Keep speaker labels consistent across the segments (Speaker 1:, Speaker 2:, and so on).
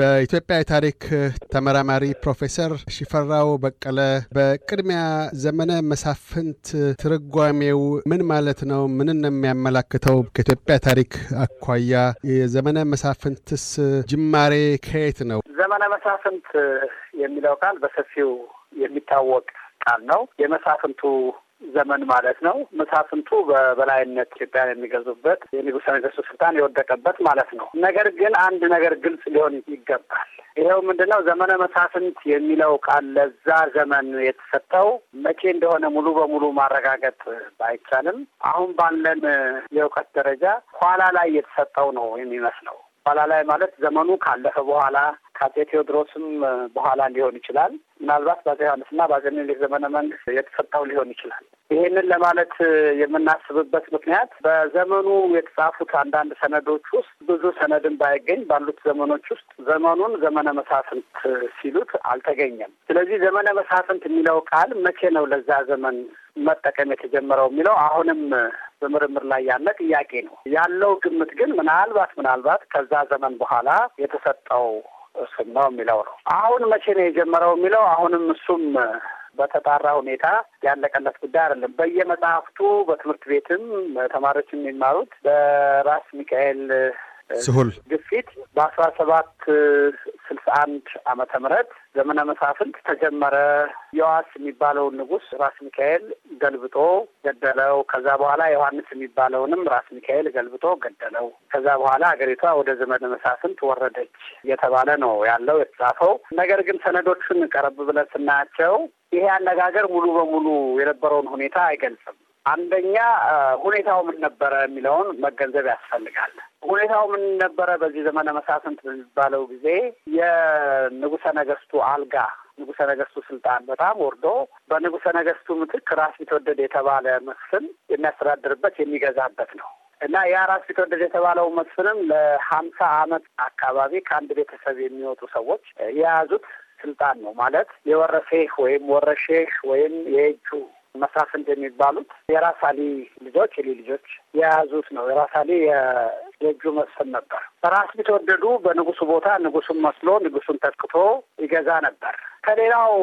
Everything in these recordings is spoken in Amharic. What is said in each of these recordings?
Speaker 1: በኢትዮጵያ የታሪክ ተመራማሪ ፕሮፌሰር ሽፈራው በቀለ፣ በቅድሚያ ዘመነ መሳፍንት ትርጓሜው ምን ማለት ነው? ምንን ነው የሚያመላክተው ከኢትዮጵያ ታሪክ አኳያ የዘመነ መሳፍንትስ ጅማሬ ከየት ነው? ዘመነ መሳፍንት
Speaker 2: የሚለው ቃል በሰፊው የሚታወቅ ቃል ነው። የመሳፍንቱ ዘመን ማለት ነው። መሳፍንቱ በበላይነት ኢትዮጵያን የሚገዙበት የንጉሠ ነገሥቱ ስልጣን የወደቀበት ማለት ነው። ነገር ግን አንድ ነገር ግልጽ ሊሆን ይገባል። ይኸው ምንድን ነው ዘመነ መሳፍንት የሚለው ቃል ለዛ ዘመን የተሰጠው መቼ እንደሆነ ሙሉ በሙሉ ማረጋገጥ ባይቻልም አሁን ባለን የእውቀት ደረጃ ኋላ ላይ የተሰጠው ነው የሚመስለው። ኋላ ላይ ማለት ዘመኑ ካለፈ በኋላ ከአጼ ቴዎድሮስም በኋላ ሊሆን ይችላል። ምናልባት በአጼ ዮሐንስና በአጼ ምኒልክ ዘመነ መንግስት የተሰጠው ሊሆን ይችላል። ይህንን ለማለት የምናስብበት ምክንያት በዘመኑ የተጻፉት አንዳንድ ሰነዶች ውስጥ ብዙ ሰነድን ባይገኝ ባሉት ዘመኖች ውስጥ ዘመኑን ዘመነ መሳፍንት ሲሉት አልተገኘም። ስለዚህ ዘመነ መሳፍንት የሚለው ቃል መቼ ነው ለዛ ዘመን መጠቀም የተጀመረው የሚለው አሁንም በምርምር ላይ ያለ ጥያቄ ነው። ያለው ግምት ግን ምናልባት ምናልባት ከዛ ዘመን በኋላ የተሰጠው ነው የሚለው ነው። አሁን መቼ ነው የጀመረው የሚለው አሁንም እሱም በተጣራ ሁኔታ ያለቀለት ጉዳይ አይደለም። በየመጽሐፍቱ በትምህርት ቤትም ተማሪዎች የሚማሩት በራስ ሚካኤል ስሁል ግፊት በአስራ ሰባት ስልሳ አንድ አመተ ምህረት ዘመነ መሳፍንት ተጀመረ። የዋስ የሚባለውን ንጉስ ራስ ሚካኤል ገልብጦ ገደለው። ከዛ በኋላ ዮሐንስ የሚባለውንም ራስ ሚካኤል ገልብጦ ገደለው። ከዛ በኋላ አገሪቷ ወደ ዘመነ መሳፍንት ወረደች እየተባለ ነው ያለው የተጻፈው። ነገር ግን ሰነዶቹን ቀረብ ብለን ስናያቸው ይሄ አነጋገር ሙሉ በሙሉ የነበረውን ሁኔታ አይገልጽም። አንደኛ ሁኔታው ምን ነበረ የሚለውን መገንዘብ ያስፈልጋል። ሁኔታው ምን ነበረ በዚህ ዘመነ መሳፍንት በሚባለው ጊዜ የንጉሰ ነገስቱ አልጋ ንጉሰ ነገስቱ ስልጣን በጣም ወርዶ በንጉሰ ነገስቱ ምትክ ራስ ቢትወደድ የተባለ መስፍን የሚያስተዳድርበት የሚገዛበት ነው እና ያ ራስ ቢትወደድ የተባለው መስፍንም ለሀምሳ አመት አካባቢ ከአንድ ቤተሰብ የሚወጡ ሰዎች የያዙት ስልጣን ነው ማለት የወረሴህ ወይም ወረሼህ ወይም የእጁ መስራት የሚባሉት የራሳሊ ልጆች የሌ ልጆች የያዙት ነው። የራሳሊ የእጁ መስፍን ነበር። በራስ ቢትወደዱ በንጉሱ ቦታ ንጉሱን መስሎ ንጉሱን ተክቶ ይገዛ ነበር። ከሌላው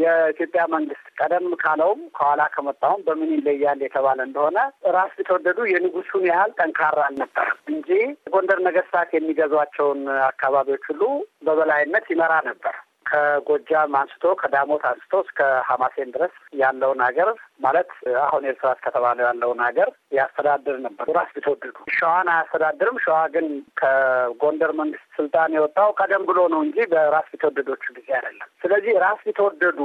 Speaker 2: የኢትዮጵያ መንግስት ቀደም ካለውም ከኋላ ከመጣውም በምን ይለያል የተባለ እንደሆነ ራስ ቢትወደዱ የንጉሱን ያህል ጠንካራ አልነበረም እንጂ የጎንደር ነገስታት የሚገዟቸውን አካባቢዎች ሁሉ በበላይነት ይመራ ነበር። ከጎጃም አንስቶ ከዳሞት አንስቶ እስከ ሀማሴን ድረስ ያለውን ሀገር ማለት አሁን ኤርትራስ ከተባለ ያለውን ሀገር ያስተዳድር ነበር። ራስ ቢትወደዱ ሸዋን አያስተዳድርም። ሸዋ ግን ከጎንደር መንግስት ስልጣን የወጣው ቀደም ብሎ ነው እንጂ በራስ ቢትወደዶቹ ጊዜ አይደለም። ስለዚህ ራስ ቢትወደዱ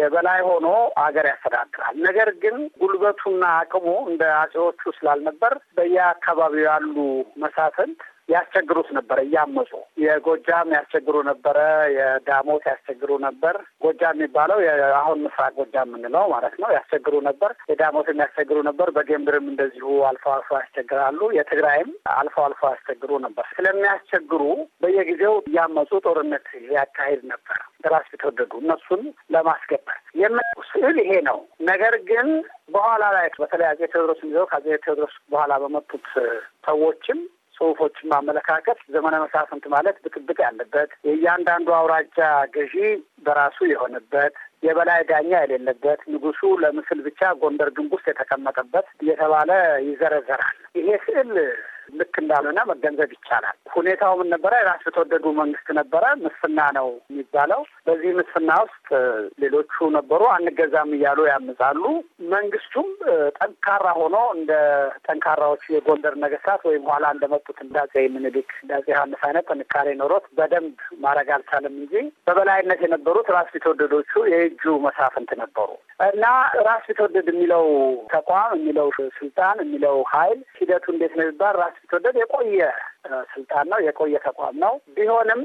Speaker 2: የበላይ ሆኖ አገር ያስተዳድራል። ነገር ግን ጉልበቱና አቅሙ እንደ አጼዎቹ ስላልነበር በየአካባቢው ያሉ መሳፍንት ያስቸግሩት ነበር እያመፁ። የጎጃም ያስቸግሩ ነበረ፣ የዳሞት ያስቸግሩ ነበር። ጎጃም የሚባለው አሁን ምስራቅ ጎጃም የምንለው ማለት ነው። ያስቸግሩ ነበር። የዳሞትም ያስቸግሩ ነበር። በጌምድርም እንደዚሁ አልፎ አልፎ ያስቸግራሉ። የትግራይም አልፎ አልፎ ያስቸግሩ ነበር። ስለሚያስቸግሩ በየጊዜው እያመፁ ጦርነት ያካሂድ ነበር። ራስ የተወደዱ እነሱን ለማስገበር የምስል ይሄ ነው። ነገር ግን በኋላ ላይ በተለይ አጼ ቴዎድሮስ ይዘው ከአጼ ቴዎድሮስ በኋላ በመጡት ሰዎችም ጽሁፎችን ማመለካከት ዘመነ መሳፍንት ማለት ብጥብጥ ያለበት የእያንዳንዱ አውራጃ ገዢ በራሱ የሆነበት የበላይ ዳኛ የሌለበት ንጉሱ ለምስል ብቻ ጎንደር ግንብ ውስጥ የተቀመጠበት እየተባለ ይዘረዘራል። ይሄ ስዕል እንዳልሆነ መገንዘብ ይቻላል። ሁኔታው ምን ነበረ? የራስ የተወደዱ መንግስት ነበረ። ምስፍና ነው የሚባለው። በዚህ ምስፍና ውስጥ ሌሎቹ ነበሩ፣ አንገዛም እያሉ ያምፃሉ። መንግስቱም ጠንካራ ሆኖ እንደ ጠንካራዎቹ የጎንደር ነገስታት ወይም ኋላ እንደመጡት እንዳጼ ምኒልክ፣ እንዳጼ ዮሐንስ አይነት ጥንካሬ ኖሮት በደንብ ማድረግ አልቻለም እንጂ በበላይነት የነበሩት ራስ የተወደዶቹ የእጁ መሳፍንት ነበሩ እና ራስ የተወደድ የሚለው ተቋም የሚለው ስልጣን የሚለው ኃይል ሂደቱ እንዴት ነው የሚባል ራስ የተወደድ የቆየ ስልጣን ነው፣ የቆየ ተቋም ነው። ቢሆንም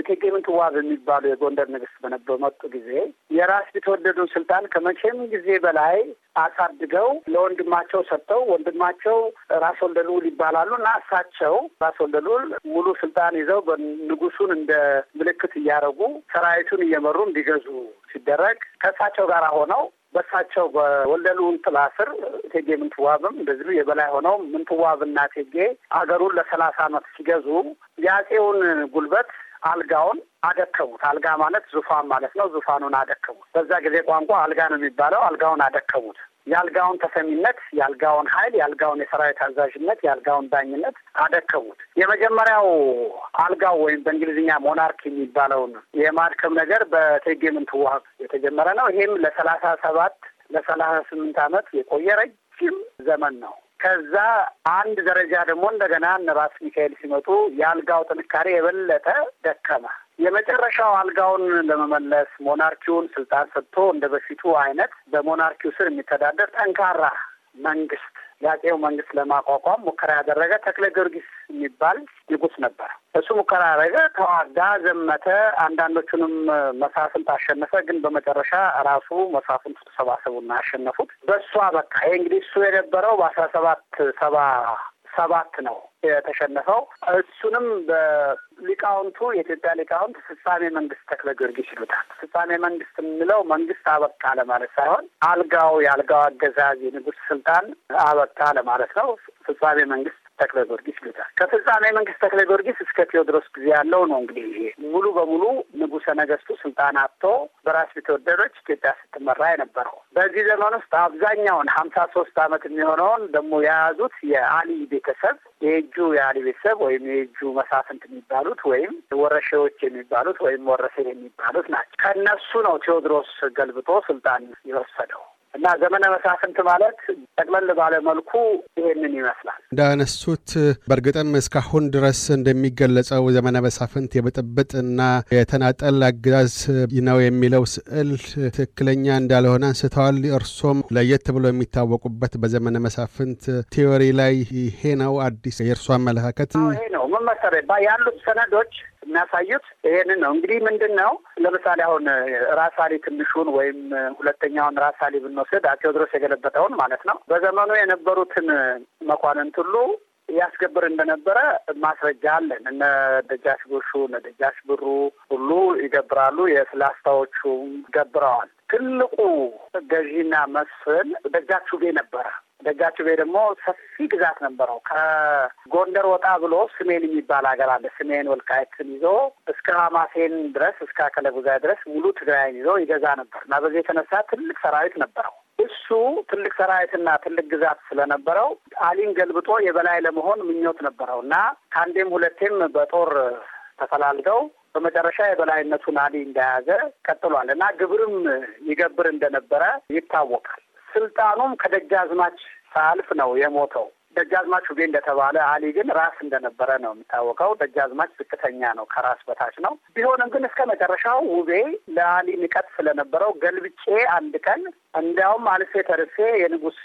Speaker 2: እቴጌ ምንትዋብ የሚባሉ የጎንደር ንግስት በመጡ ጊዜ የራስ የተወደዱን ስልጣን ከመቼም ጊዜ በላይ አሳድገው ለወንድማቸው ሰጥተው ወንድማቸው ራስ ወልደ ልዑል ይባላሉ እና እሳቸው ራስ ወልደ ልዑል ሙሉ ስልጣን ይዘው ንጉሱን እንደ ምልክት እያደረጉ ሰራዊቱን እየመሩ እንዲገዙ ሲደረግ ከእሳቸው ጋር ሆነው በሳቸው በወለሉ እንጥላ ስር እቴጌ ምንትዋብም እንደዚሁ የበላይ ሆነው ምንትዋብና እቴጌ አገሩን ለሰላሳ ዓመት ሲገዙ የአጼውን ጉልበት አልጋውን አደከቡት። አልጋ ማለት ዙፋን ማለት ነው። ዙፋኑን አደከቡት። በዛ ጊዜ ቋንቋ አልጋ ነው የሚባለው። አልጋውን አደከቡት። የአልጋውን ተሰሚነት፣ የአልጋውን ኃይል፣ የአልጋውን የሰራዊት አዛዥነት፣ የአልጋውን ዳኝነት አደከሙት። የመጀመሪያው አልጋው ወይም በእንግሊዝኛ ሞናርክ የሚባለውን የማድከም ነገር በእቴጌ ምንትዋብ የተጀመረ ነው። ይህም ለሰላሳ ሰባት ለሰላሳ ስምንት ዓመት የቆየ ረጅም ዘመን ነው። ከዛ አንድ ደረጃ ደግሞ እንደገና እነ ራስ ሚካኤል ሲመጡ የአልጋው ጥንካሬ የበለጠ ደከመ። የመጨረሻው አልጋውን ለመመለስ ሞናርኪውን ስልጣን ሰጥቶ እንደ በፊቱ አይነት በሞናርኪው ስር የሚተዳደር ጠንካራ መንግስት ያጼው መንግስት ለማቋቋም ሙከራ ያደረገ ተክለ ጊዮርጊስ የሚባል ንጉስ ነበር። እሱ ሙከራ ያደረገ፣ ተዋጋ፣ ዘመተ፣ አንዳንዶቹንም መሳፍንት አሸነፈ። ግን በመጨረሻ ራሱ መሳፍንቱ ተሰባሰቡና አሸነፉት። በእሷ በቃ ይህ እንግዲህ እሱ የነበረው በአስራ ሰባት ሰባ ሰባት ነው የተሸነፈው። እሱንም በሊቃውንቱ የኢትዮጵያ ሊቃውንት ፍጻሜ መንግስት ተክለ ጊዮርጊስ ይሉታል። ፍጻሜ መንግስት የምንለው መንግስት አበቃ ለማለት ሳይሆን አልጋው የአልጋው አገዛዝ የንጉስ ስልጣን አበቃ ለማለት ነው። ፍጻሜ መንግስት ተክለ ጊዮርጊስ ይሉታል። ከፍጻሜ መንግስት ተክለ ጊዮርጊስ እስከ ቴዎድሮስ ጊዜ ያለው ነው። እንግዲህ ሙሉ በሙሉ ንጉሰ ነገስቱ ስልጣን አጥቶ በራስ ቢተወደዶች ኢትዮጵያ ስትመራ የነበረው በዚህ ዘመን ውስጥ አብዛኛውን ሀምሳ ሶስት አመት የሚሆነውን ደግሞ የያዙት የአሊ ቤተሰብ የእጁ የአሊ ቤተሰብ ወይም የእጁ መሳፍንት የሚባሉት ወይም ወረሸዎች የሚባሉት ወይም ወረሴ የሚባሉት ናቸው። ከእነሱ ነው ቴዎድሮስ ገልብጦ ስልጣን የወሰደው። እና ዘመነ መሳፍንት ማለት ጠቅለል ባለ መልኩ ይሄንን ይመስላል።
Speaker 1: እንዳነሱት በእርግጥም እስካሁን ድረስ እንደሚገለጸው ዘመነ መሳፍንት የብጥብጥ እና የተናጠል አገዛዝ ነው የሚለው ስዕል ትክክለኛ እንዳልሆነ አንስተዋል። እርሶም ለየት ብሎ የሚታወቁበት በዘመነ መሳፍንት ቴዎሪ ላይ ይሄ ነው አዲስ የእርሶ አመለካከት ይሄ
Speaker 2: ነው ምን ያሉት ሰነዶች የሚያሳዩት ይሄንን ነው። እንግዲህ ምንድን ነው ለምሳሌ አሁን ራሳሊ ትንሹን ወይም ሁለተኛውን ራሳሊ ብንወስድ ቴዎድሮስ የገለበጠውን ማለት ነው። በዘመኑ የነበሩትን መኳንንት ሁሉ ያስገብር እንደነበረ ማስረጃ አለን። እነ ደጃሽ ጎሹ፣ እነ ደጃሽ ብሩ ሁሉ ይገብራሉ። የስላስታዎቹም ገብረዋል። ትልቁ ገዢና መስፍን ደጃች ውቤ ነበረ። ቤ ደግሞ ሰፊ ግዛት ነበረው። ከጎንደር ወጣ ብሎ ስሜን የሚባል ሀገር አለ። ስሜን ወልቃይትን ይዞ እስከ ሀማሴን ድረስ እስከ አከለ ድረስ ሙሉ ትግራይን ይዞ ይገዛ ነበር እና በዚህ የተነሳ ትልቅ ሰራዊት ነበረው። እሱ ትልቅ ሰራዊትና ትልቅ ግዛት ስለነበረው አሊን ገልብጦ የበላይ ለመሆን ምኞት ነበረው እና ከአንዴም ሁለቴም በጦር ተፈላልገው በመጨረሻ የበላይነቱን አሊ እንደያዘ ቀጥሏል እና ግብርም ይገብር እንደነበረ ይታወቃል። ስልጣኑም ከደጃዝማች ሳልፍ ነው የሞተው። ደጃዝማች ውቤ እንደተባለ አሊ ግን ራስ እንደነበረ ነው የሚታወቀው። ደጃዝማች ዝቅተኛ ነው፣ ከራስ በታች ነው። ቢሆንም ግን እስከ መጨረሻው ውቤ ለአሊ ንቀት ስለነበረው ገልብጬ አንድ ቀን እንዲያውም አልፌ ተርፌ የንጉስ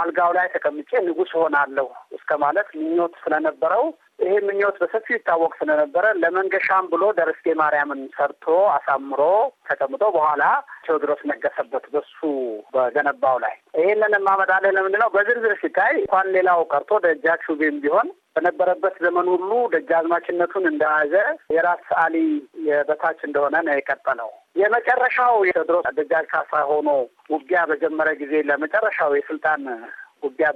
Speaker 2: አልጋው ላይ ተቀምጬ ንጉስ ሆናለሁ እስከ ማለት ምኞት ስለነበረው ይሄ ምኞት በሰፊው ይታወቅ ስለነበረ ለመንገሻም ብሎ ደርስጌ ማርያምን ሰርቶ አሳምሮ ተቀምጦ በኋላ ቴዎድሮስ ነገሰበት በሱ በገነባው ላይ። ይህንን የማመጣልህ ለምንድነው በዝርዝር ሲታይ እንኳን ሌላው ቀርቶ ቤም ቢሆን በነበረበት ዘመን ሁሉ ደጃዝማችነቱን እንደያዘ የራስ አሊ የበታች እንደሆነ ነው የቀጠለው። የመጨረሻው የቴዎድሮስ ደጃች ካሳ ሆኖ ውጊያ በጀመረ ጊዜ ለመጨረሻው የስልጣን ውጊያ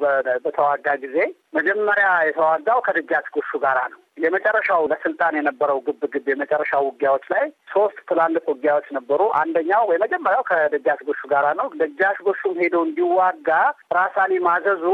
Speaker 2: በተዋጋ ጊዜ መጀመሪያ የተዋጋው ከደጃች ጉሹ ጋር ነው። የመጨረሻው ለስልጣን የነበረው ግብ ግብ የመጨረሻው ውጊያዎች ላይ ሶስት ትላልቅ ውጊያዎች ነበሩ። አንደኛው የመጀመሪያው ከደጃች ጉሹ ጋር ነው። ደጃች ጉሹም ሄዶ እንዲዋጋ ራሳሊ ማዘዙ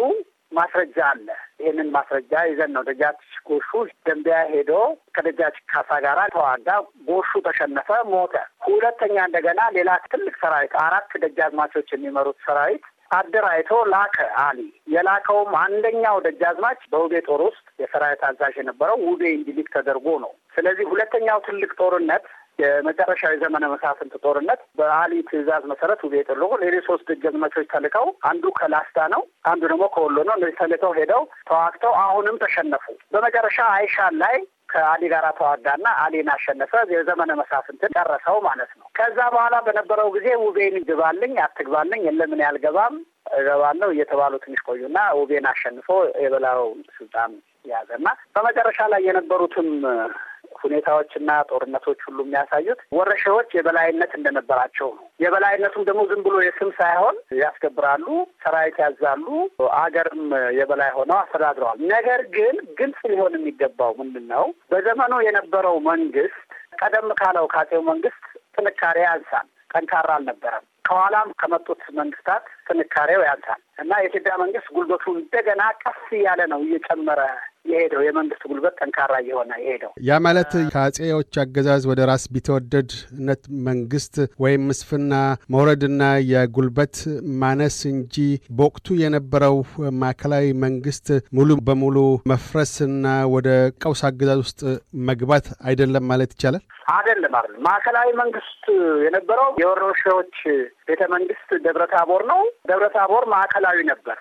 Speaker 2: ማስረጃ አለ። ይህንን ማስረጃ ይዘን ነው ደጃች ጎሹ ደንቢያ ሄዶ ከደጃች ካሳ ጋራ ተዋጋ። ጎሹ ተሸነፈ፣ ሞተ። ሁለተኛ እንደገና ሌላ ትልቅ ሰራዊት አራት ደጃዝማቾች የሚመሩት ሰራዊት አደራጅቶ ላከ አሊ። የላከውም አንደኛው ደጃዝማች በውቤ ጦር ውስጥ የሰራዊት አዛዥ የነበረው ውቤ እንዲሊክ ተደርጎ ነው። ስለዚህ ሁለተኛው ትልቅ ጦርነት የመጨረሻዊ ዘመነ መሳፍንት ጦርነት በአሊ ትእዛዝ መሰረት ውቤ ጥልቁ ሌሎች ሶስት ደጃዝማቾች ተልከው አንዱ ከላስታ ነው፣ አንዱ ደግሞ ከወሎ ነው። እነዚህ ተልከው ሄደው ተዋግተው አሁንም ተሸነፉ። በመጨረሻ አይሻን ላይ ከአሊ ጋር ተዋጋና አሊን አሸነፈ። የዘመነ መሳፍንትን ጨረሰው ማለት ነው። ከዛ በኋላ በነበረው ጊዜ ውቤን ግባልኝ፣ አትግባልኝ፣ የለምን ያልገባም እገባለሁ እየተባሉ ትንሽ ቆዩና ውቤን አሸንፎ የበላው ስልጣን ያዘና በመጨረሻ ላይ የነበሩትም ሁኔታዎችና ጦርነቶች ሁሉ የሚያሳዩት ወረሻዎች የበላይነት እንደነበራቸው ነው። የበላይነቱም ደግሞ ዝም ብሎ የስም ሳይሆን ያስከብራሉ፣ ሰራዊት ያዛሉ፣ አገርም የበላይ ሆነው አስተዳድረዋል። ነገር ግን ግልጽ ሊሆን የሚገባው ምንድን ነው? በዘመኑ የነበረው መንግስት ቀደም ካለው ከአፄው መንግስት ጥንካሬ ያንሳል፣ ጠንካራ አልነበረም። ከኋላም ከመጡት መንግስታት ጥንካሬው ያንሳል እና የኢትዮጵያ መንግስት ጉልበቱ እንደገና ቀስ እያለ ነው እየጨመረ የሄደው የመንግስት ጉልበት ጠንካራ እየሆነ የሄደው።
Speaker 1: ያ ማለት ከአጼዎች አገዛዝ ወደ ራስ ቢተወደድነት መንግስት ወይም ምስፍና መውረድና የጉልበት ማነስ እንጂ በወቅቱ የነበረው ማዕከላዊ መንግስት ሙሉ በሙሉ መፍረስና ወደ ቀውስ አገዛዝ ውስጥ መግባት አይደለም ማለት ይቻላል።
Speaker 2: አይደለም አይደለም። ማዕከላዊ መንግስት የነበረው የወረሾዎች ቤተ መንግስት ደብረ ታቦር ነው። ደብረታቦር ማዕከላዊ ነበር።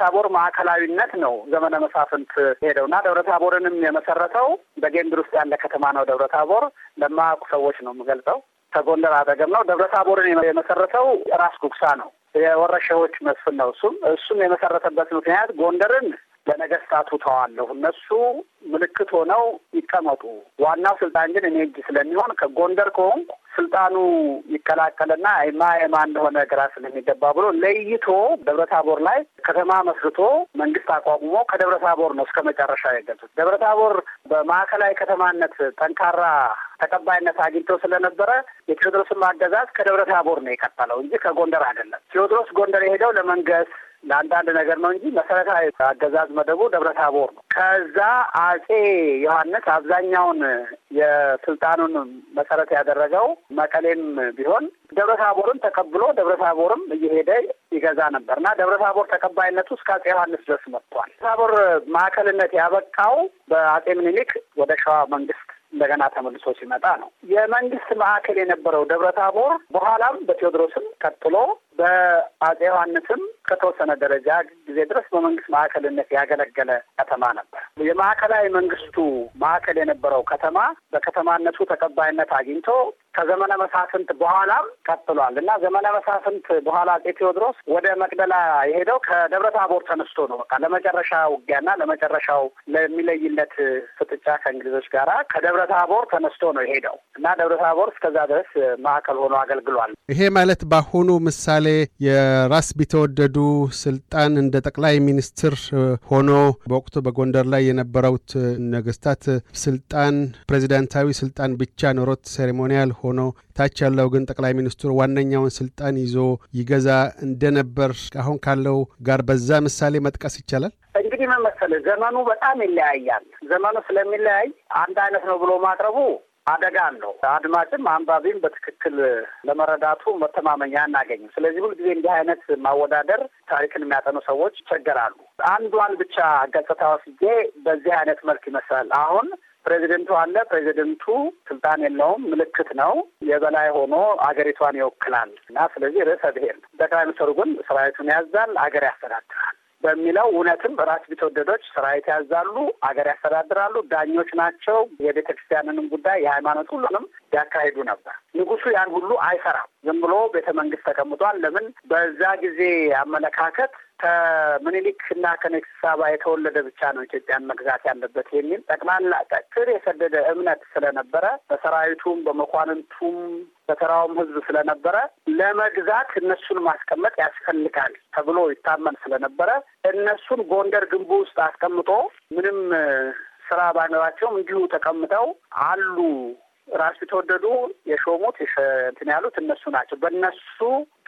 Speaker 2: ታቦር ማዕከላዊነት ነው ዘመነ መሳፍንት ሄደው እና ታቦርንም የመሰረተው በጌንድር ውስጥ ያለ ከተማ ነው። ደብረታቦር ለማያውቁ ሰዎች ነው የምገልጸው። ከጎንደር አጠገብ ነው። ታቦርን የመሰረተው ራስ ጉግሳ ነው። የወረሸዎች መስፍን ነው። እሱም እሱም የመሰረተበት ምክንያት ጎንደርን ለነገስታቱ ተዋለሁ፣ እነሱ ምልክት ሆነው ይቀመጡ፣ ዋናው ስልጣን ግን እኔ እጅ ስለሚሆን ከጎንደር ከሆንኩ ስልጣኑ ይቀላቀልና አይማ የማ እንደሆነ ግራ ስለሚገባ ብሎ ለይቶ ደብረታቦር ላይ ከተማ መስርቶ መንግስት አቋቁሞ ከደብረታቦር ነው እስከ መጨረሻ የገዙት። ደብረታቦር በማዕከላዊ ከተማነት ጠንካራ ተቀባይነት አግኝቶ ስለነበረ የቴዎድሮስን ማገዛዝ ከደብረታቦር ነው የቀጠለው እንጂ ከጎንደር አይደለም። ቴዎድሮስ ጎንደር የሄደው ለመንገስ ለአንዳንድ ነገር ነው እንጂ መሰረታዊ አገዛዝ መደቡ ደብረ ታቦር ነው። ከዛ አጼ ዮሐንስ አብዛኛውን የስልጣኑን መሰረት ያደረገው መቀሌም ቢሆን ደብረ ታቦርን ተቀብሎ ደብረ ታቦርም እየሄደ ይገዛ ነበር እና ደብረ ታቦር ተቀባይነቱ እስከ አጼ ዮሐንስ ድረስ መጥቷል። ታቦር ማዕከልነት ያበቃው በአጼ ምኒልክ ወደ ሸዋ መንግስት እንደገና ተመልሶ ሲመጣ ነው። የመንግስት ማዕከል የነበረው ደብረ ታቦር በኋላም በቴዎድሮስም ቀጥሎ በአጼ ዮሐንስም ከተወሰነ ደረጃ ጊዜ ድረስ በመንግስት ማዕከልነት ያገለገለ ከተማ ነበር። የማዕከላዊ መንግስቱ ማዕከል የነበረው ከተማ በከተማነቱ ተቀባይነት አግኝቶ ከዘመነ መሳፍንት በኋላም ቀጥሏል እና ዘመነ መሳፍንት በኋላ አጼ ቴዎድሮስ ወደ መቅደላ የሄደው ከደብረ ታቦር ተነስቶ ነው። በቃ ለመጨረሻ ውጊያና ለመጨረሻው ለሚለይለት ፍጥጫ ከእንግሊዞች ጋር ከደብረ ታቦር ተነስቶ ነው የሄደው እና ደብረ ታቦር እስከዛ ድረስ ማዕከል
Speaker 1: ሆኖ አገልግሏል። ይሄ ማለት በአሁኑ ምሳሌ ለምሳሌ የራስ ቢተወደዱ ስልጣን እንደ ጠቅላይ ሚኒስትር ሆኖ በወቅቱ በጎንደር ላይ የነበረውት ነገስታት ስልጣን ፕሬዚዳንታዊ ስልጣን ብቻ ኖሮት ሴሬሞኒያል ሆኖ ታች ያለው ግን ጠቅላይ ሚኒስትሩ ዋነኛውን ስልጣን ይዞ ይገዛ እንደነበር አሁን ካለው ጋር በዛ ምሳሌ መጥቀስ ይቻላል።
Speaker 2: እንግዲህ መመሰለ ዘመኑ በጣም ይለያያል። ዘመኑ ስለሚለያይ አንድ አይነት ነው ብሎ ማቅረቡ አደጋ አለው። አድማጭም አንባቢም በትክክል ለመረዳቱ መተማመኛ አናገኝም። ስለዚህ ሁልጊዜ እንዲህ አይነት ማወዳደር ታሪክን የሚያጠኑ ሰዎች ይቸገራሉ። አንዷን ብቻ ገጽታ ወስጄ በዚህ አይነት መልክ ይመስላል አሁን ፕሬዚደንቱ አለ። ፕሬዚደንቱ ስልጣን የለውም፣ ምልክት ነው። የበላይ ሆኖ አገሪቷን ይወክላል እና ስለዚህ ርዕሰ ብሔር ጠቅላይ ሚኒስትሩ ግን ሰራዊቱን ያዛል፣ አገር ያስተዳድራል። በሚለው እውነትም ራስ ቢትወደዶች ስርዓት ያዛሉ፣ አገር ያስተዳድራሉ፣ ዳኞች ናቸው። የቤተ ክርስቲያንንም ጉዳይ የሃይማኖት ሁሉንም ያካሂዱ ነበር። ንጉሱ ያን ሁሉ አይሰራም። ዝም ብሎ ቤተ መንግስት ተቀምጧል። ለምን? በዛ ጊዜ አመለካከት ከምኒልክ እና ከአዲስ አበባ የተወለደ ብቻ ነው ኢትዮጵያን መግዛት ያለበት የሚል ጠቅላላ ስር የሰደደ እምነት ስለነበረ በሰራዊቱም በመኳንንቱም በተራውም ህዝብ ስለነበረ ለመግዛት እነሱን ማስቀመጥ ያስፈልጋል ተብሎ ይታመን ስለነበረ እነሱን ጎንደር ግንቡ ውስጥ አስቀምጦ ምንም ስራ ባይኖራቸውም እንዲሁ ተቀምጠው አሉ ራሱ የተወደዱ የሾሙት እንትን ያሉት እነሱ ናቸው። በእነሱ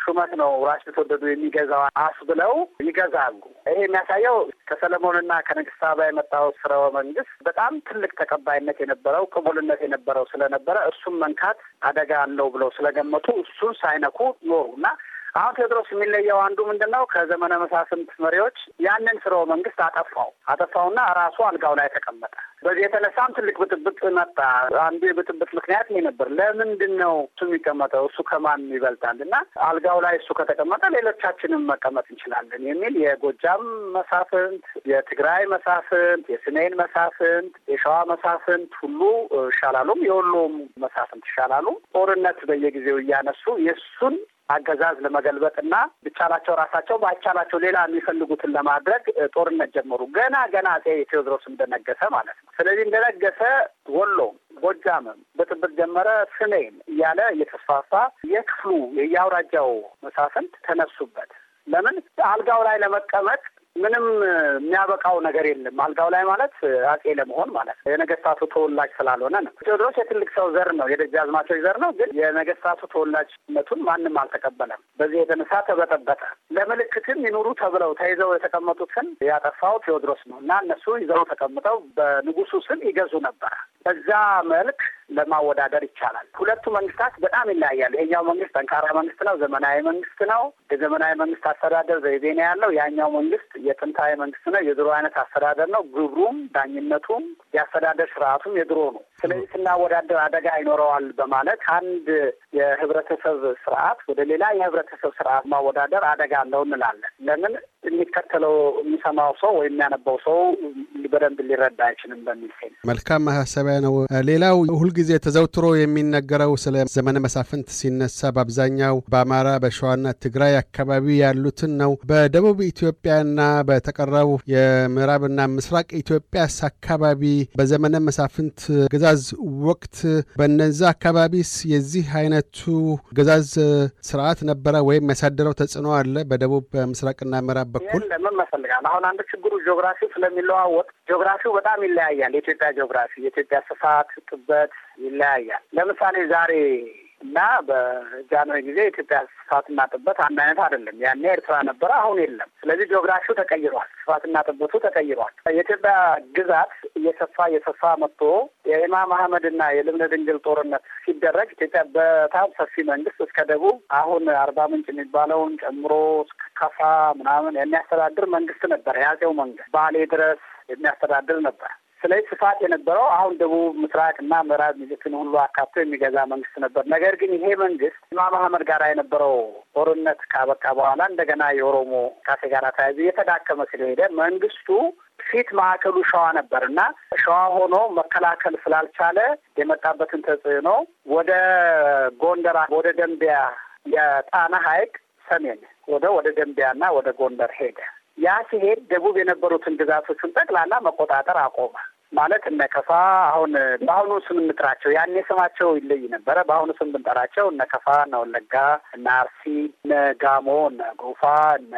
Speaker 2: ሹመት ነው ራሱ የተወደዱ የሚገዛው አስ ብለው ይገዛሉ። ይሄ የሚያሳየው ከሰለሞንና ከንግስት ሳባ የመጣው ስርወ መንግስት በጣም ትልቅ ተቀባይነት የነበረው ቅቡልነት የነበረው ስለነበረ እሱም መንካት አደጋ አለው ብለው ስለገመቱ እሱን ሳይነኩ ኖሩ እና አሁን ቴዎድሮስ የሚለየው አንዱ ምንድን ነው? ከዘመነ መሳፍንት መሪዎች ያንን ስርወ መንግስት አጠፋው አጠፋውና ራሱ አልጋው ላይ ተቀመጠ። በዚህ የተነሳም ትልቅ ብጥብጥ መጣ። አንዱ የብጥብጥ ምክንያት ነው ነበር። ለምንድን ነው እሱ የሚቀመጠው? እሱ ከማን ይበልጣል? እና አልጋው ላይ እሱ ከተቀመጠ ሌሎቻችንም መቀመጥ እንችላለን የሚል የጎጃም መሳፍንት፣ የትግራይ መሳፍንት፣ የስሜን መሳፍንት፣ የሸዋ መሳፍንት ሁሉ ይሻላሉም፣ የወሎም መሳፍንት ይሻላሉ ጦርነት በየጊዜው እያነሱ የእሱን አገዛዝ ለመገልበጥ እና ብቻላቸው ራሳቸው ባይቻላቸው ሌላ የሚፈልጉትን ለማድረግ ጦርነት ጀመሩ። ገና ገና አጼ ቴዎድሮስ እንደነገሰ ማለት ነው። ስለዚህ እንደነገሰ ወሎም፣ ጎጃምም ብጥብጥ ጀመረ፣ ስሜን እያለ እየተስፋፋ የክፍሉ የየአውራጃው መሳፍንት ተነሱበት። ለምን አልጋው ላይ ለመቀመጥ ምንም የሚያበቃው ነገር የለም። አልጋው ላይ ማለት አጼ ለመሆን ማለት ነው። የነገስታቱ ተወላጅ ስላልሆነ ነው። ቴዎድሮስ የትልቅ ሰው ዘር ነው፣ የደጃዝማቾች ዘር ነው። ግን የነገስታቱ ተወላጅነቱን ማንም አልተቀበለም። በዚህ የተነሳ ተበጠበጠ። ለምልክትም ይኑሩ ተብለው ተይዘው የተቀመጡትን ያጠፋው ቴዎድሮስ ነው እና እነሱ ይዘው ተቀምጠው በንጉሱ ስም ይገዙ ነበር። በዛ መልክ ለማወዳደር ይቻላል። ሁለቱ መንግስታት በጣም ይለያያሉ። ይሄኛው መንግስት ጠንካራ መንግስት ነው፣ ዘመናዊ መንግስት ነው። የዘመናዊ መንግስት አስተዳደር ዘይቤ ነው ያለው። ያኛው መንግስት የጥንታዊ መንግስት ነው፣ የድሮ አይነት አስተዳደር ነው። ግብሩም፣ ዳኝነቱም፣ የአስተዳደር ስርዓቱም የድሮ ነው። ስለዚህ ስናወዳደር አደጋ ይኖረዋል በማለት አንድ የህብረተሰብ ስርዓት ወደ ሌላ የህብረተሰብ ስርዓት ማወዳደር አደጋ አለው እንላለን። ለምን የሚከተለው የሚሰማው ሰው ወይም የሚያነበው ሰው በደንብ ሊረዳ አይችልም በሚል
Speaker 1: መልካም ማሳሰቢያ ነው። ሌላው ሁልጊዜ ተዘውትሮ የሚነገረው ስለ ዘመነ መሳፍንት ሲነሳ በአብዛኛው በአማራ በሸዋና ትግራይ አካባቢ ያሉትን ነው። በደቡብ ኢትዮጵያና በተቀረው የምዕራብና ምስራቅ ኢትዮጵያስ አካባቢ በዘመነ መሳፍንት ግዛዝ ወቅት በነዛ አካባቢስ የዚህ አይነቱ ግዛዝ ስርዓት ነበረ ወይም ያሳደረው ተጽዕኖ አለ? በደቡብ ምስራቅና ምዕራብ በኩል
Speaker 2: ምን መፈልጋል አሁን አንድ ችግሩ ጂኦግራፊ ስለሚለዋወጥ ጂኦግራፊው በጣም ይለያያል። የኢትዮጵያ ጂኦግራፊ የኢትዮጵያ ስፋት ጥበት ይለያያል። ለምሳሌ ዛሬ እና በጃንሆይ ጊዜ የኢትዮጵያ ስፋትና ጥበት አንድ አይነት አይደለም። ያኔ ኤርትራ ነበረ፣ አሁን የለም። ስለዚህ ጂኦግራፊው ተቀይሯል፣ ስፋትና ጥበቱ ተቀይሯል። የኢትዮጵያ ግዛት እየሰፋ እየሰፋ መጥቶ የኢማም አህመድና የልብነ ድንግል ጦርነት ሲደረግ ኢትዮጵያ በጣም ሰፊ መንግስት እስከ ደቡብ አሁን አርባ ምንጭ የሚባለውን ጨምሮ እስከ ከፋ ምናምን የሚያስተዳድር መንግስት ነበር፣ የአጼው መንግስት ባሌ ድረስ የሚያስተዳድር ነበር። ስለዚህ ስፋት የነበረው አሁን ደቡብ ምስራቅ እና ምዕራብ ሚዚክን ሁሉ አካቶ የሚገዛ መንግስት ነበር። ነገር ግን ይሄ መንግስት ኢማም አህመድ ጋር የነበረው ጦርነት ካበቃ በኋላ እንደገና የኦሮሞ ካሴ ጋር ተያይዞ እየተዳከመ ስለሄደ መንግስቱ ፊት ማዕከሉ ሸዋ ነበር እና ሸዋ ሆኖ መከላከል ስላልቻለ የመጣበትን ተጽዕኖ ወደ ጎንደር፣ ወደ ደንቢያ የጣና ሐይቅ ሰሜን ወደ ወደ ደንቢያና ወደ ጎንደር ሄደ። ያ ሲሄድ ደቡብ የነበሩትን ግዛቶቹን ጠቅላላ መቆጣጠር አቆመ። ማለት እነ ከፋ አሁን በአሁኑ ስም እንጥራቸው፣ ያኔ ስማቸው ይለይ ነበረ። በአሁኑ ስም ብንጠራቸው እነ ከፋ፣ እነ ወለጋ፣ እነ አርሲ፣ እነ ጋሞ፣ እነ ጎፋ፣ እነ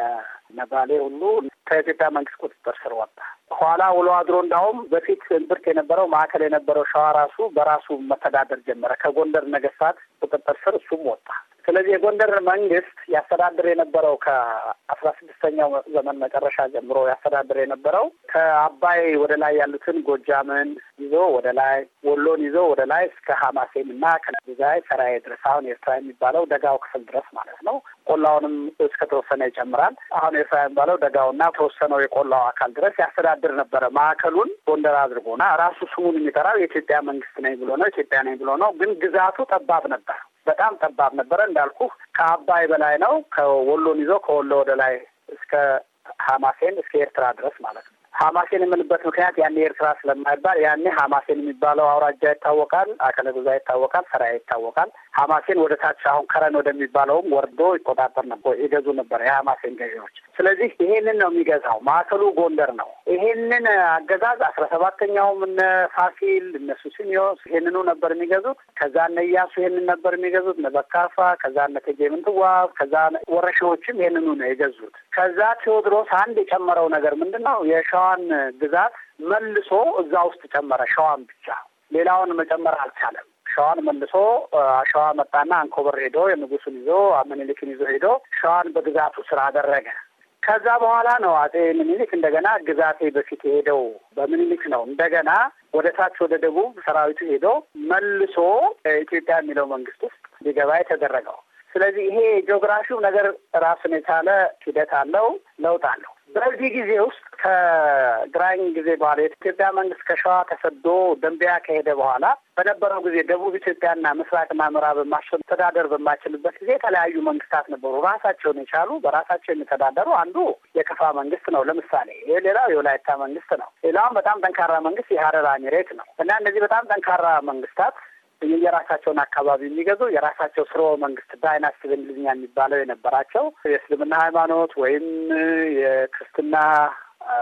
Speaker 2: ነባሌ ሁሉ ከኢትዮጵያ መንግስት ቁጥጥር ስር ወጣ። ኋላ ውሎ አድሮ እንዳውም በፊት እምብርት የነበረው ማዕከል የነበረው ሸዋ ራሱ በራሱ መተዳደር ጀመረ። ከጎንደር ነገስታት ቁጥጥር ስር እሱም ወጣ። ስለዚህ የጎንደር መንግስት ያስተዳድር የነበረው ከአስራ ስድስተኛው ዘመን መጨረሻ ጀምሮ ያስተዳድር የነበረው ከአባይ ወደ ላይ ያሉትን ጎጃምን ይዞ ወደ ላይ ወሎን ይዞ ወደ ላይ እስከ ሀማሴም እና ከዲዛይ ሰራዬ ድረስ አሁን ኤርትራ የሚባለው ደጋው ክፍል ድረስ ማለት ነው ቆላውንም እስከተወሰነ ይጨምራል። አሁን ኤርትራ የሚባለው ደጋውና ተወሰነው የቆላው አካል ድረስ ያስተዳድር ነበረ። ማዕከሉን ጎንደር አድርጎና ራሱ ስሙን የሚጠራው የኢትዮጵያ መንግስት ነኝ ብሎ ነው፣ ኢትዮጵያ ነኝ ብሎ ነው። ግን ግዛቱ ጠባብ ነበር፣ በጣም ጠባብ ነበረ። እንዳልኩ ከአባይ በላይ ነው። ከወሎን ይዞ ከወሎ ወደ ላይ እስከ ሀማሴን እስከ ኤርትራ ድረስ ማለት ነው። ሀማሴን የምንበት ምክንያት ያኔ ኤርትራ ስለማይባል ያኔ ሀማሴን የሚባለው አውራጃ ይታወቃል፣ አከለ ጉዛ ይታወቃል፣ ሰራ ይታወቃል። ሀማሴን ወደ ታች አሁን ከረን ወደሚባለውም ወርዶ ይቆጣጠር ነበር፣ ይገዙ ነበር የሀማሴን ገዢዎች። ስለዚህ ይሄንን ነው የሚገዛው። ማዕከሉ ጎንደር ነው። ይሄንን አገዛዝ አስራ ሰባተኛውም እነ ፋሲል እነ ሱስንዮስ ይሄንኑ ነበር የሚገዙት። ከዛ እነ እያሱ ይሄንን ነበር የሚገዙት፣ እነ በካፋ፣ ከዛ እነ እቴጌ ምንትዋብ፣ ከዛ ወረሺዎችም ይሄንኑ ነው የገዙት። ከዛ ቴዎድሮስ አንድ የጨመረው ነገር ምንድን ነው የሸዋ የሸዋን ግዛት መልሶ እዛ ውስጥ ጨመረ። ሸዋን ብቻ ሌላውን መጨመር አልቻለም። ሸዋን መልሶ ሸዋ መጣና አንኮበር ሄዶ የንጉሱን ይዞ ምኒልክን ይዞ ሄዶ ሸዋን በግዛቱ ስራ አደረገ። ከዛ በኋላ ነው አጼ ምኒልክ እንደገና ግዛቴ በፊት ሄደው በምኒልክ ነው እንደገና ወደ ታች ወደ ደቡብ ሰራዊቱ ሄዶ መልሶ ኢትዮጵያ የሚለው መንግስት ውስጥ ሊገባ የተደረገው። ስለዚህ ይሄ ጂኦግራፊው ነገር ራሱን የቻለ ሂደት አለው፣ ለውጥ አለው። በዚህ ጊዜ ውስጥ ከግራኝ ጊዜ በኋላ የኢትዮጵያ መንግስት ከሸዋ ተሰዶ ደንቢያ ከሄደ በኋላ በነበረው ጊዜ ደቡብ ኢትዮጵያና ምስራቅና ምዕራብ በማስተዳደር በማይችልበት ጊዜ የተለያዩ መንግስታት ነበሩ፣ ራሳቸውን የቻሉ በራሳቸው የሚተዳደሩ። አንዱ የከፋ መንግስት ነው ለምሳሌ፣ ሌላው የወላይታ መንግስት ነው። ሌላውም በጣም ጠንካራ መንግስት የሀረር አሚሬት ነው። እና እነዚህ በጣም ጠንካራ መንግስታት የራሳቸውን አካባቢ የሚገዙ የራሳቸው ስርወ መንግስት ዳይናስቲ በእንግሊዝኛ የሚባለው የነበራቸው የእስልምና ሃይማኖት ወይም የክርስትና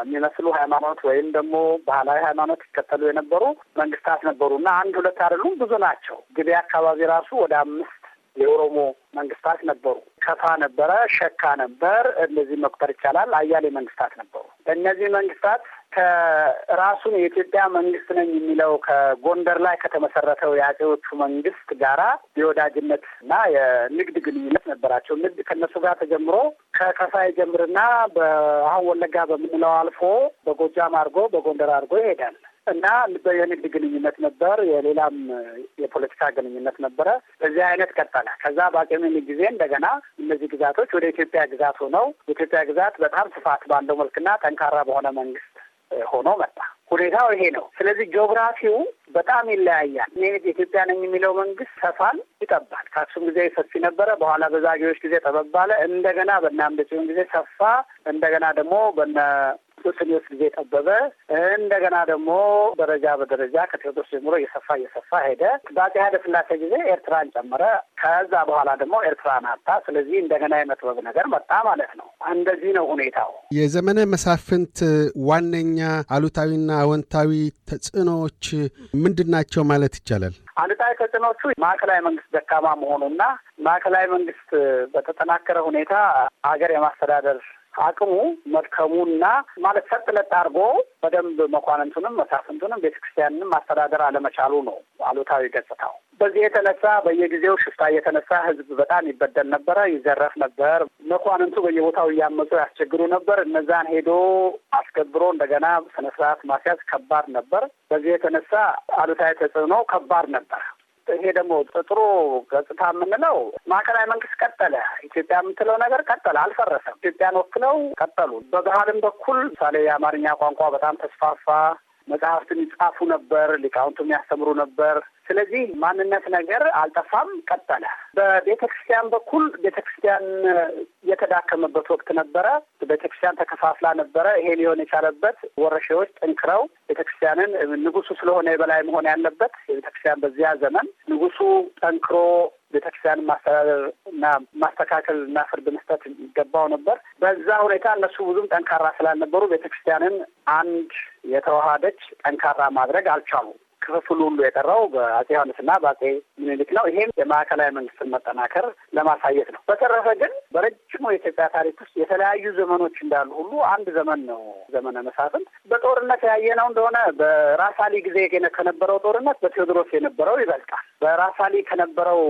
Speaker 2: የሚመስሉ ሃይማኖት ወይም ደግሞ ባህላዊ ሃይማኖት ይከተሉ የነበሩ መንግስታት ነበሩ እና አንድ ሁለት አይደሉም፣ ብዙ ናቸው። ግቤ አካባቢ ራሱ ወደ አምስት የኦሮሞ መንግስታት ነበሩ። ከፋ ነበረ፣ ሸካ ነበር። እነዚህ መቁጠር ይቻላል። አያሌ መንግስታት ነበሩ። በእነዚህ መንግስታት ከራሱን የኢትዮጵያ መንግስት ነኝ የሚለው ከጎንደር ላይ ከተመሰረተው የአጼዎቹ መንግስት ጋራ የወዳጅነት እና የንግድ ግንኙነት ነበራቸው። ንግድ ከእነሱ ጋር ተጀምሮ ከከፋ ይጀምርና በአሁን ወለጋ በምንለው አልፎ በጎጃም አድርጎ በጎንደር አድርጎ ይሄዳል እና የንግድ ግንኙነት ነበር። የሌላም የፖለቲካ ግንኙነት ነበረ። በዚህ አይነት ቀጠለ። ከዛ በአጼ ምኒልክ ጊዜ እንደገና እነዚህ ግዛቶች ወደ ኢትዮጵያ ግዛት ሆነው የኢትዮጵያ ግዛት በጣም ስፋት ባለው መልክና ጠንካራ በሆነ መንግስት ሆኖ መጣ። ሁኔታው ይሄ ነው። ስለዚህ ጂኦግራፊው በጣም ይለያያል። እኔ ኢትዮጵያ ነኝ የሚለው መንግስት ሰፋል፣ ይጠባል። ከአክሱም ጊዜ ሰፊ ነበረ፣ በኋላ በዛጌዎች ጊዜ ጠበብ አለ። እንደገና በነ አምደ ጽዮን ጊዜ ሰፋ፣ እንደገና ደግሞ በነ ሉጥኒዮስ ጊዜ ጠበበ እንደገና ደግሞ ደረጃ በደረጃ ከቴዎድሮስ ጀምሮ እየሰፋ እየሰፋ ሄደ። በአፄ ኃይለ ሥላሴ ጊዜ ኤርትራን ጨመረ። ከዛ በኋላ ደግሞ ኤርትራን አታ። ስለዚህ እንደገና የመጥበብ ነገር መጣ ማለት ነው። እንደዚህ ነው ሁኔታው።
Speaker 1: የዘመነ መሳፍንት ዋነኛ አሉታዊና አወንታዊ ተጽዕኖዎች ምንድን ናቸው ማለት ይቻላል?
Speaker 2: አሉታዊ ተጽዕኖቹ ማዕከላዊ መንግስት ደካማ መሆኑና ማዕከላዊ መንግስት በተጠናከረ ሁኔታ አገር የማስተዳደር አቅሙ መድከሙና ማለት ሰጥ ለጥ አድርጎ በደንብ መኳንንቱንም መሳፍንቱንም ቤተክርስቲያንንም ማስተዳደር አለመቻሉ ነው አሉታዊ ገጽታው። በዚህ የተነሳ በየጊዜው ሽፍታ እየተነሳ ህዝብ በጣም ይበደል ነበረ፣ ይዘረፍ ነበር። መኳንንቱ በየቦታው እያመፁ ያስቸግሩ ነበር። እነዛን ሄዶ አስከብሮ እንደገና ስነስርዓት ማስያዝ ከባድ ነበር። በዚህ የተነሳ አሉታዊ ተጽዕኖ ከባድ ነበር። ይሄ ደግሞ ጥሩ ገጽታ የምንለው ማዕከላዊ መንግስት ቀጠለ። ኢትዮጵያ የምትለው ነገር ቀጠለ፣ አልፈረሰም። ኢትዮጵያን ወክለው ቀጠሉ። በባህልም በኩል ምሳሌ የአማርኛ ቋንቋ በጣም ተስፋፋ። መጽሐፍትም ይጻፉ ነበር፣ ሊቃውንቱም ያስተምሩ ነበር። ስለዚህ ማንነት ነገር አልጠፋም፣ ቀጠለ። በቤተ ክርስቲያን በኩል ቤተ ክርስቲያን የተዳከመበት ወቅት ነበረ። ቤተ ክርስቲያን ተከፋፍላ ነበረ። ይሄ ሊሆን የቻለበት ወረሻዎች ጠንክረው ቤተ ክርስቲያንን ንጉሱ ስለሆነ የበላይ መሆን ያለበት የቤተ ክርስቲያን በዚያ ዘመን ንጉሱ ጠንክሮ ቤተክርስቲያን ማስተዳደር እና ማስተካከል እና ፍርድ መስጠት ይገባው ነበር። በዛ ሁኔታ እነሱ ብዙም ጠንካራ ስላልነበሩ ቤተክርስቲያንን አንድ የተዋሃደች ጠንካራ ማድረግ አልቻሉም። ክፍፍሉ ሁሉ የቀረው በአጼ ዮሐንስና በአጼ ምኒልክ ነው። ይሄም የማዕከላዊ መንግስትን መጠናከር ለማሳየት ነው። በተረፈ ግን በረጅሙ የኢትዮጵያ ታሪክ ውስጥ የተለያዩ ዘመኖች እንዳሉ ሁሉ አንድ ዘመን ነው ዘመነ መሳፍንት። በጦርነት ያየነው እንደሆነ በራሳሊ ጊዜ ከነበረው ጦርነት በቴዎድሮስ የነበረው ይበልጣል። በራሳሊ ከነበረው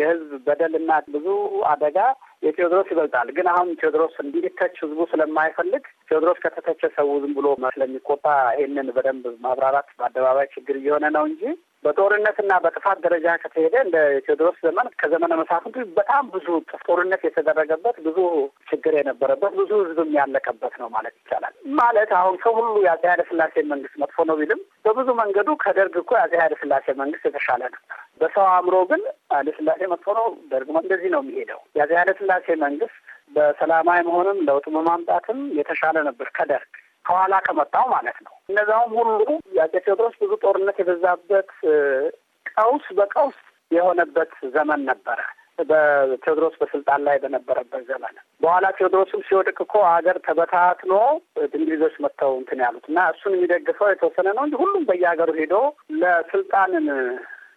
Speaker 2: የህዝብ በደልና ብዙ አደጋ የቴዎድሮስ ይበልጣል። ግን አሁን ቴዎድሮስ እንዲተች ህዝቡ ስለማይፈልግ ቴዎድሮስ ከተተቸ ሰው ዝም ብሎ ስለሚቆጣ ይህንን በደንብ ማብራራት በአደባባይ ችግር እየሆነ ነው እንጂ በጦርነትና በጥፋት ደረጃ ከተሄደ እንደ ቴዎድሮስ ዘመን ከዘመነ መሳፍንቱ በጣም ብዙ ጦርነት የተደረገበት ብዙ ችግር የነበረበት ብዙ ህዝብም ያለቀበት ነው ማለት ይቻላል። ማለት አሁን ሰው ሁሉ የአጼ ኃይለ ስላሴ መንግስት መጥፎ ነው ቢልም በብዙ መንገዱ ከደርግ እኮ የአጼ ኃይለ ስላሴ መንግስት የተሻለ ነው። በሰው አእምሮ ግን ኃይለ ስላሴ መጥፎ ነው፣ ደርግማ እንደዚህ ነው የሚሄደው። የአጼ ኃይለ ስላሴ መንግስት በሰላማዊ መሆንም ለውጥ በማምጣትም የተሻለ ነበር ከደርግ ከኋላ ከመጣው ማለት ነው። እነዛውም ሁሉ የአፄ ቴዎድሮስ ብዙ ጦርነት የበዛበት ቀውስ በቀውስ የሆነበት ዘመን ነበረ። በቴዎድሮስ በስልጣን ላይ በነበረበት ዘመን በኋላ ቴዎድሮስም ሲወድቅ እኮ አገር ተበታትኖ እንግሊዞች መጥተው እንትን ያሉት እና እሱን የሚደግፈው የተወሰነ ነው እንጂ ሁሉም በየሀገሩ ሄዶ ለስልጣንን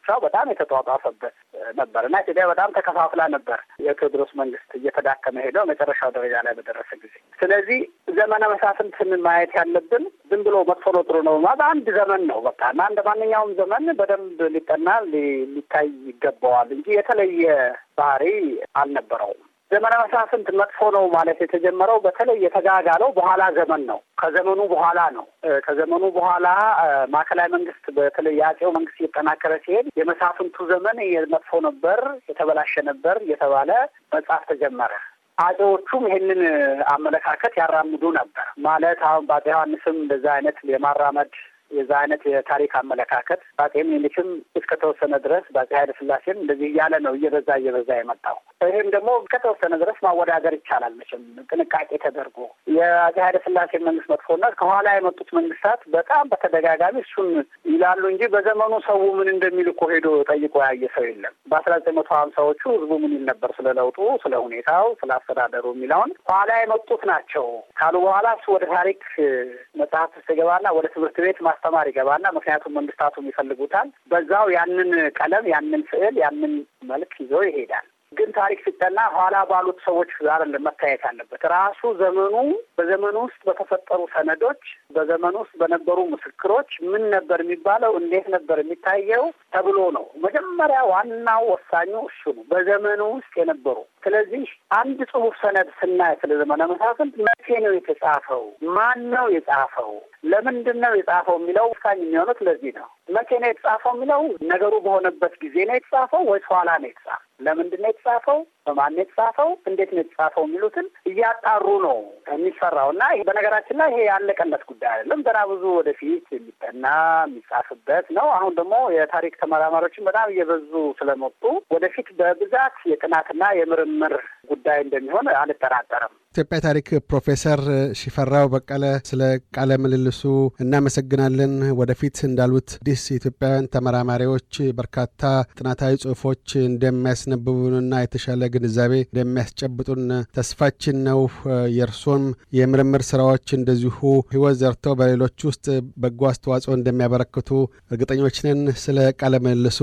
Speaker 2: ሁኔታው በጣም የተጧጧፈበት ነበር እና ኢትዮጵያ በጣም ተከፋፍላ ነበር። የቴዎድሮስ መንግስት እየተዳከመ ሄደው መጨረሻው ደረጃ ላይ በደረሰ ጊዜ። ስለዚህ ዘመነ መሳፍንትን ማየት ያለብን ዝም ብሎ መጥፎ ነው ጥሩ ነው ማለት አንድ ዘመን ነው በቃ እና እንደ ማንኛውም ዘመን በደንብ ሊጠና ሊታይ ይገባዋል እንጂ የተለየ ባህሪ አልነበረውም። ዘመነ መሳፍንት መጥፎ ነው ማለት የተጀመረው በተለይ የተጋጋለው በኋላ ዘመን ነው። ከዘመኑ በኋላ ነው። ከዘመኑ በኋላ ማዕከላዊ መንግስት በተለይ የአጼው መንግስት እየጠናከረ ሲሄድ የመሳፍንቱ ዘመን የመጥፎ ነበር፣ የተበላሸ ነበር እየተባለ መጽሐፍ ተጀመረ። አጼዎቹም ይህንን አመለካከት ያራምዱ ነበር ማለት አሁን በአጼ ዮሐንስም እንደዛ አይነት የማራመድ የዛ አይነት የታሪክ አመለካከት በአጼ ምኒልክም እስከተወሰነ ድረስ በአጼ ኃይለ ስላሴም እንደዚህ እያለ ነው እየበዛ እየበዛ የመጣው ይህም ደግሞ ከተወሰነ ድረስ ማወዳደር ይቻላል። መቼም ጥንቃቄ ተደርጎ የአፄ ኃይለ ሥላሴ መንግስት መጥፎነት ከኋላ የመጡት መንግስታት በጣም በተደጋጋሚ እሱን ይላሉ እንጂ በዘመኑ ሰው ምን እንደሚል እኮ ሄዶ ጠይቆ ያየ ሰው የለም። በአስራ ዘጠኝ መቶ ሀምሳዎቹ ህዝቡ ምን ይል ነበር ስለ ለውጡ፣ ስለ ሁኔታው፣ ስለ አስተዳደሩ የሚለውን ኋላ የመጡት ናቸው ካሉ በኋላ እሱ ወደ ታሪክ መጽሐፍ ውስጥ ይገባና ወደ ትምህርት ቤት ማስተማር ይገባና ምክንያቱም መንግስታቱም ይፈልጉታል። በዛው ያንን ቀለም ያንን ስዕል ያንን መልክ ይዞ ይሄዳል። ግን ታሪክ ሲጠና ኋላ ባሉት ሰዎች አይደለም መታየት አለበት። ራሱ ዘመኑ በዘመኑ ውስጥ በተፈጠሩ ሰነዶች፣ በዘመኑ ውስጥ በነበሩ ምስክሮች ምን ነበር የሚባለው፣ እንዴት ነበር የሚታየው ተብሎ ነው። መጀመሪያ ዋናው ወሳኙ እሱ ነው፣ በዘመኑ ውስጥ የነበሩ። ስለዚህ አንድ ጽሑፍ ሰነድ ስናይ ስለ ዘመነ መሳፍንት መቼ ነው የተጻፈው? ማን ነው የጻፈው? ለምንድን ነው የጻፈው የሚለው ወሳኝ የሚሆኑት ለዚህ ነው። መቼ ነው የተጻፈው የሚለው ነገሩ በሆነበት ጊዜ ነው የተጻፈው ወይስ ኋላ ነው የተጻፈው ለምንድን ነው የተጻፈው? በማን ነው የተጻፈው? እንዴት ነው የተጻፈው? የሚሉትን እያጣሩ ነው የሚሰራው እና በነገራችን ላይ ይሄ ያለቀለት ጉዳይ አይደለም። ገና ብዙ ወደፊት የሚጠና የሚጻፍበት ነው። አሁን ደግሞ የታሪክ ተመራማሪዎችን በጣም እየበዙ ስለመጡ ወደፊት በብዛት የጥናትና የምርምር ጉዳይ እንደሚሆን አልጠራጠርም።
Speaker 1: ኢትዮጵያ ታሪክ ፕሮፌሰር ሽፈራው በቀለ ስለ ቃለ ምልልሱ እናመሰግናለን። ወደፊት እንዳሉት አዲስ ኢትዮጵያውያን ተመራማሪዎች በርካታ ጥናታዊ ጽሁፎች እንደሚያስነብቡንና የተሻለ ግንዛቤ እንደሚያስጨብጡን ተስፋችን ነው። የእርሶም የምርምር ስራዎች እንደዚሁ ህይወት ዘርተው በሌሎች ውስጥ በጎ አስተዋጽኦ እንደሚያበረክቱ እርግጠኞች ነን። ስለ ቃለ ምልልሱ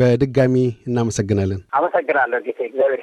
Speaker 1: በድጋሚ እናመሰግናለን።
Speaker 2: አመሰግናለሁ ጌታ እግዚአብሔር